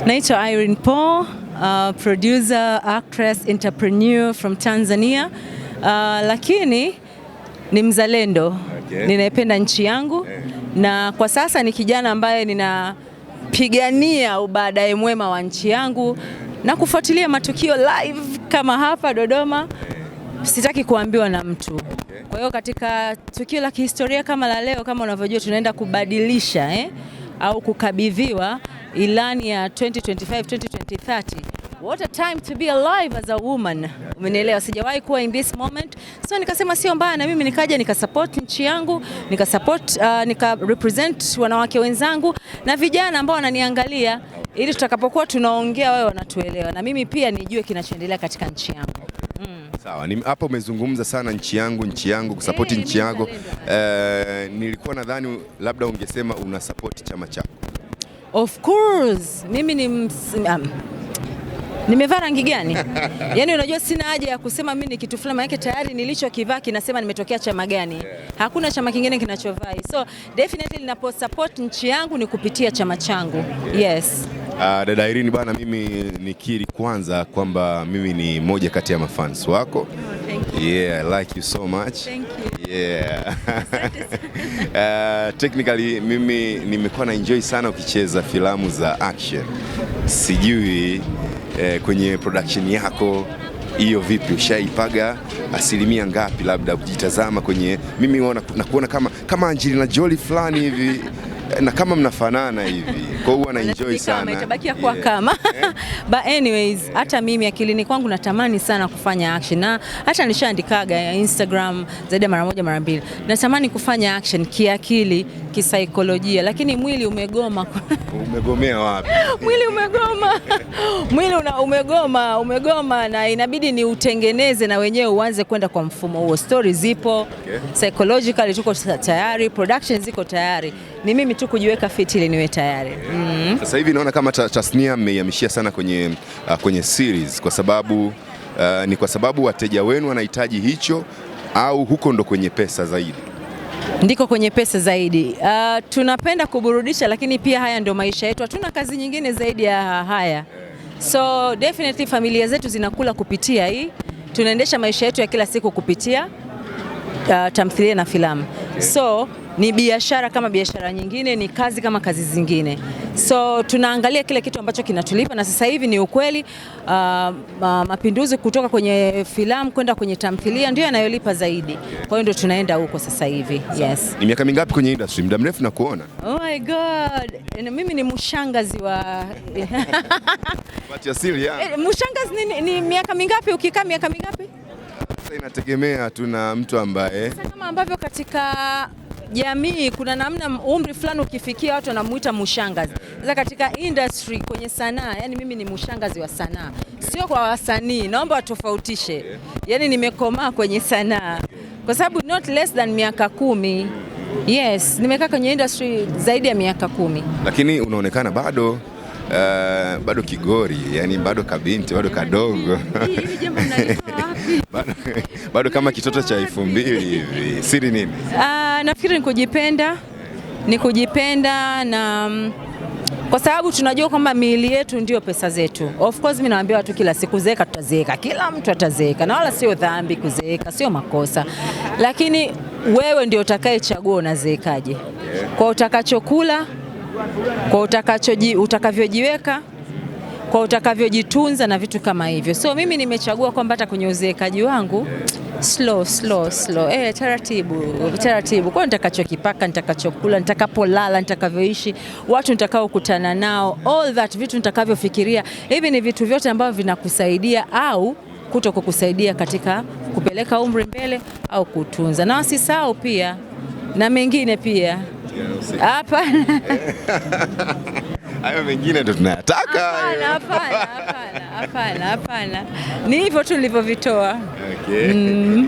Naitwa Irene Paul, uh, producer, actress, entrepreneur from Tanzania. Uh, lakini ni mzalendo. Okay. Ninaipenda nchi yangu. Yeah. Na kwa sasa ni kijana ambaye ninapigania ubaadaye mwema wa nchi yangu na kufuatilia matukio live kama hapa Dodoma. Sitaki kuambiwa na mtu. Kwa hiyo katika tukio la kihistoria kama la leo, kama unavyojua, tunaenda kubadilisha eh, au kukabidhiwa ilani ya 2025 2030 What a time to be alive as a woman. Umenielewa, sijawahi kuwa in this moment, so nikasema sio mbaya na mimi nikaja nikasupport nchi yangu nikasupport, uh, nika represent wanawake wenzangu na vijana ambao wananiangalia, ili tutakapokuwa tunaongea wao wanatuelewa na mimi pia nijue kinachoendelea katika nchi yangu. Mm. Sawa, hapo umezungumza sana nchi yangu nchi yangu kusapoti hey, eh, nchi yangu. Eh, nilikuwa nadhani labda ungesema una support chama chako Of course mimi ni um, nimevaa rangi gani? Yaani unajua sina haja ya kusema mimi ni kitu fulani, maana tayari nilichokivaa kinasema nimetokea chama gani. Hakuna chama kingine kinachovaa. So definitely ninapo support nchi yangu ni kupitia chama changu. Yes. Uh, dada Irene bana, mimi nikiri kwanza kwamba mimi ni moja kati ya mafans wako. Oh, thank you. Yeah, I like you so much. Thank you. Yeah. Uh, technically mimi nimekuwa na enjoy sana ukicheza filamu za action. Sijui eh, kwenye production yako hiyo vipi, ushaipaga asilimia ngapi, labda kujitazama kwenye mimi na kuona kama, kama Angelina Jolie fulani hivi Eh, na kama mnafanana hivi, kwa hiyo ana enjoy sana, itabakia kuwa eh, kama eh. But anyways yeah. Hata mimi akilini kwangu natamani sana kufanya action, na hata nishaandikaga Instagram zaidi ya mara moja mara mbili, natamani kufanya action kiakili, kisaikolojia, lakini mwili umegoma. Umegomea wapi? mwili umegoma mwili una umegoma, umegoma na inabidi ni utengeneze na wenyewe uanze kwenda kwa mfumo huo. Stori zipo okay. Psychologically tuko tayari, production ziko tayari, ni mimi tu kujiweka fit ili niwe tayari yeah. mm. Sasa hivi naona kama tasnia mmeihamishia sana kwenye, uh, kwenye series kwa sababu uh, ni kwa sababu wateja wenu wanahitaji hicho au huko ndo kwenye pesa zaidi? Ndiko kwenye pesa zaidi. Uh, tunapenda kuburudisha, lakini pia haya ndio maisha yetu, hatuna kazi nyingine zaidi ya haya yeah. So definitely familia zetu zinakula kupitia hii, tunaendesha maisha yetu ya kila siku kupitia uh, tamthilia na filamu okay. So ni biashara kama biashara nyingine, ni kazi kama kazi zingine, so tunaangalia kile kitu ambacho kinatulipa. Na sasa hivi ni ukweli uh, uh, mapinduzi kutoka kwenye filamu kwenda kwenye tamthilia ndio yanayolipa zaidi, kwa hiyo ndio tunaenda huko sasa hivi. Yes. Ni miaka mingapi kwenye industry? Muda mrefu na kuona. Oh my god, eh, mimi ni mshangazi wa eh, mshangazi ni, ni miaka mingapi ukikaa miaka mingapi? Sasa inategemea, tuna mtu ambaye kama ambavyo katika jamii kuna namna, umri fulani ukifikia watu wanamuita mushangazi. Sasa katika industry, kwenye sanaa, yani mimi ni mushangazi wa sanaa, sio kwa wasanii. Naomba watofautishe, yani nimekomaa kwenye sanaa kwa sababu not less than miaka kumi. Yes, nimekaa kwenye industry zaidi ya miaka kumi, lakini unaonekana bado uh, bado kigori, yani bado kabinti, bado kadogo bado, bado kama kitoto cha elfu mbili hivi. Siri nini? Uh, nafikiri ni kujipenda, ni kujipenda na mm, kwa sababu tunajua kwamba miili yetu ndio pesa zetu. Of course mimi naambia watu kila siku zeeka, tutazeeka, kila mtu atazeeka, na wala sio dhambi kuzeeka, sio makosa, lakini wewe ndio utakayechagua unazeekaje, kwa utakachokula, kwa utakachoji, utakavyojiweka kwa utakavyojitunza na vitu kama hivyo. So mimi nimechagua kwamba hata kwenye uzeekaji wangu slow slow slow, eh, taratibu taratibu, kwa nitakachokipaka, nitakachokula, nitakapolala, nitakavyoishi, watu nitakaokutana nao, all that vitu nitakavyofikiria, hivi ni vitu vyote ambavyo vinakusaidia au kuto kukusaidia katika kupeleka umri mbele au kutunza, na wasisahau pia na mengine pia hapana. mengine ndo tunayataka. Hapana, hapana, hapana, hapana, ni hivyo tu nilivyovitoa. Okay. Mm.